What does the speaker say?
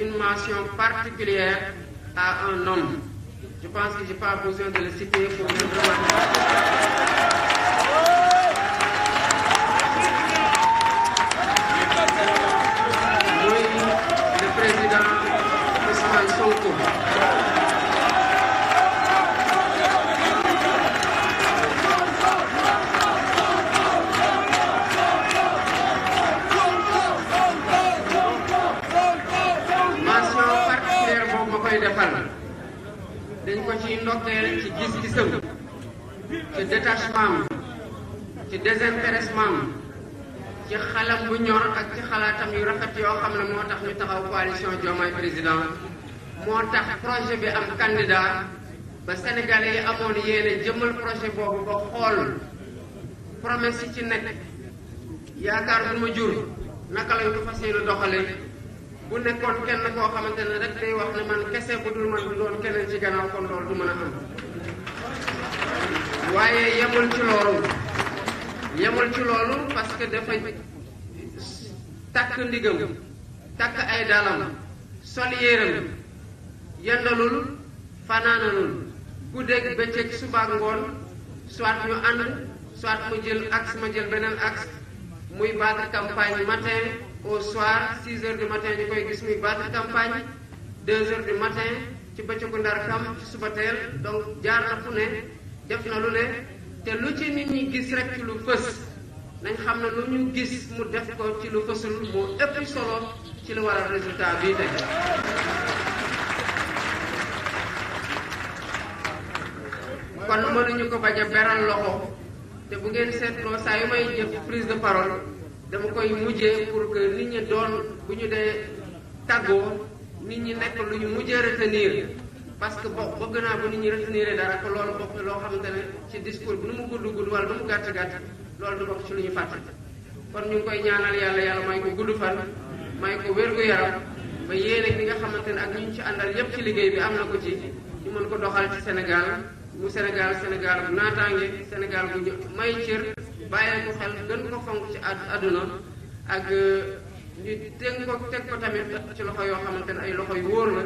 une mention particulière à un homme. Je pense que je n'ai pas besoin de le citer pour le remercier. defal dañ ko ciy ndokkeel ci gis-gisam ci détachement ci désintéressement ci xalam bu ñor ak ci xalaatam yu rafet yoo xam ne moo tax ñu taxaw coalition Diomaye président moo tax projet bi am candidat ba sénégalais yi amoon yéene jëmmal projet boobu ba xool promesse yi ci nekk yaakaar bu ma jur naka lañ ko fas yéene doxale bu nekkoon kenn koo xamante ne rek day wax ne man kese bu dul man bu doon keneen ci gannaaw kon loolu du mën a am waaye yemul ci loolu yemul parce que dafa takk ndigam takk ay dalam sol yéeram yendalul fanaanalul guddeeg bëccëg subaak ngoon soit ñu ànd soit mu jël axe ma jël beneen axe muy battre campagne matin au soir 6 heures du matin ñu koy gis muy baat campagne 2 heures du matin ci bëccëgu ndar kam ci suba teel donc jaar na fu ne def na lu ne te lu ci nit ñi gis rek lu fës nañ xam ne lu ñu gis mu def ko ci lu fësul moo ëpp solo ci lu waral résultat bii tey. kon mënuñu ko bañ a beral loxo te bu ngeen seetloo saa yu may jëf prise de parole. dama koy mujjee pour que nit ñi doon bu ñu dee tàggoo nit ñi nekk lu ñu mujjee retenir parce que bo bëgg naa bu nit ñi retenir dara ko loolu bokk loo xamante ne ci discours bi nu mu gudd gudd wala nu mu gàtt gàtt loolu du bokk ci lu ñu fàtte kon ñu ngi koy ñaanal yàlla yàlla may ko gudd fan may ko wér-gu-yaram ba yéene bi nga xamante ne ak ñu ci àndal yépp ci liggéey bi am na ko ci ñu mën ko doxal ci Sénégal mu Sénégal Sénégal bu naataange Sénégal bu may cër bàyyil ko xel gën ko fonk ci àdduna ak euh, ñu teg ko teg ko tamit ci loxo yoo xamante ne ay loxo yu wóor la